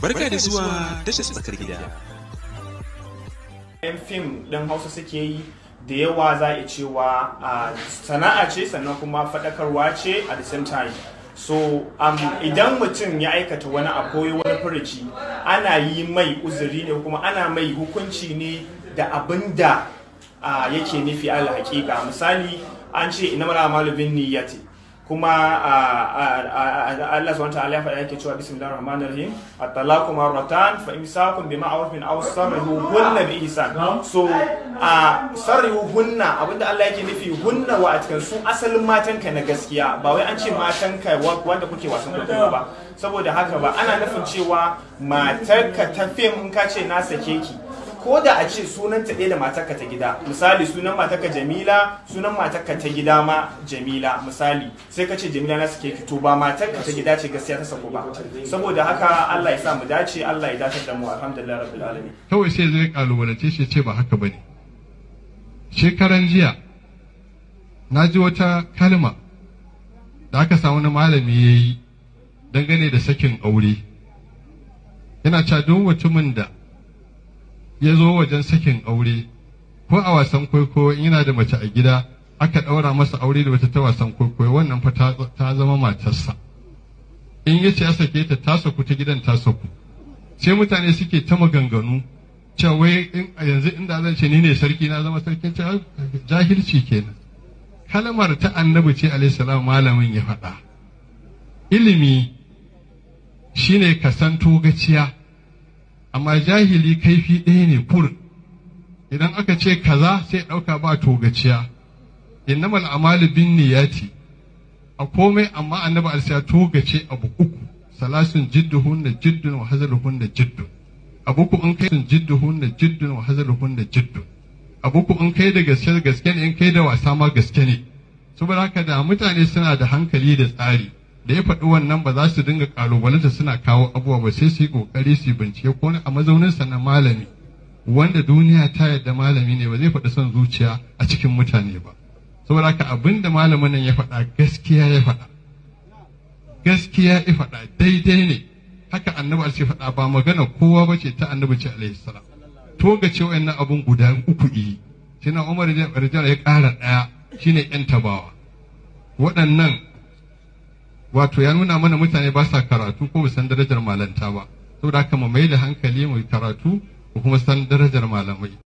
Barka da zuwa tashar tsakar gida. Yan fim ɗin Hausa suke yi da yawa za a cewa sana'a ce sannan kuma faɗakarwa ce a the same time. So um, idan mutum ya aikata wani abu wani furici ana yi mai uzuri ne kuma ana mai hukunci ne da abin da yake nufi alhaƙiƙa misali an ce ina mara malubin niyyati kuma Allah subhanahu wataala ya faɗa yake cewa bismillahir rahmanir rahim at-talaqu marratan fa imsakun bi ma'rufin aw sarrihu hunna bi ihsan so a sarrihu hunna abinda Allah yake nufi hunna wa a cikin su asalin matan ka na gaskiya ba wai an ce matan ka wanda kuke wasan kuma ba saboda haka ba ana nufin cewa matar ka ta fim in ka ce na sake ki ko da a ce sunan ta ɗaya da matarka ta gida misali sunan matarka Jamila sunan matarka ta gida ma Jamila misali sai ka ce Jamila na suke fito ba matarka ta gida ce gaskiya ta sako ba saboda haka Allah ya sa mu dace Allah ya dace da mu alhamdulillah rabbil alamin kawai sai zai kalubalance shi ce ba haka bane shekaran jiya na ji wata kalma da aka samu na malami yayi dangane da sakin aure yana cewa duk mutumin da ya zo wajen sakin aure ko a wasan kwaikwayo in yana da mace a gida aka ɗaura masa aure da wata ta wasan kwaikwayo wannan fa ta zama matarsa in ya ce ya sake ta ta saku ta gidan ta saku sai mutane suke ta maganganu cewa wai yanzu inda zan ce ni ne sarki na zama sarkin jahilci kenan kalmar ta annabi ce alayhi salam malamin ya faɗa ilimi shine kasan togaciya. amma jahili kaifi ɗaya ne kurin idan aka ce kaza sai ɗauka ba togaciya innamal amalu bin niyati a komai amma annabi alsiya togace abu uku salasun jidduhun da jiddun wa hazaluhun da jiddun abu ku in kai jidduhun da jiddun wa hazaluhun da jiddun abu ku in kai da gaske gaske ne in kai da wasa ma gaske ne saboda haka da mutane suna da hankali da tsari da ya faɗi wannan ba za su dinga ƙalubalanta suna kawo abubuwa ba sai su yi ƙoƙari su bincike ko a mazauninsa na malami wanda duniya ta yarda malami ne ba zai faɗi son zuciya a cikin mutane ba saboda haka abin da malamin nan ya faɗa gaskiya ya faɗa gaskiya ya faɗa daidai ne haka annabi alaihi faɗa ba magana kowa ba ce ta annabi ce alaihi salam to ga ce wayannan abun guda uku yi shi na Umar ya ƙara ɗaya shine ƴan tabawa waɗannan wato ya nuna mana mutane ba sa karatu ko san darajar malanta ba saboda haka mu mai da hankali mu karatu ko kuma san darajar malamai